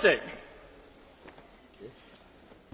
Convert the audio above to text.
20.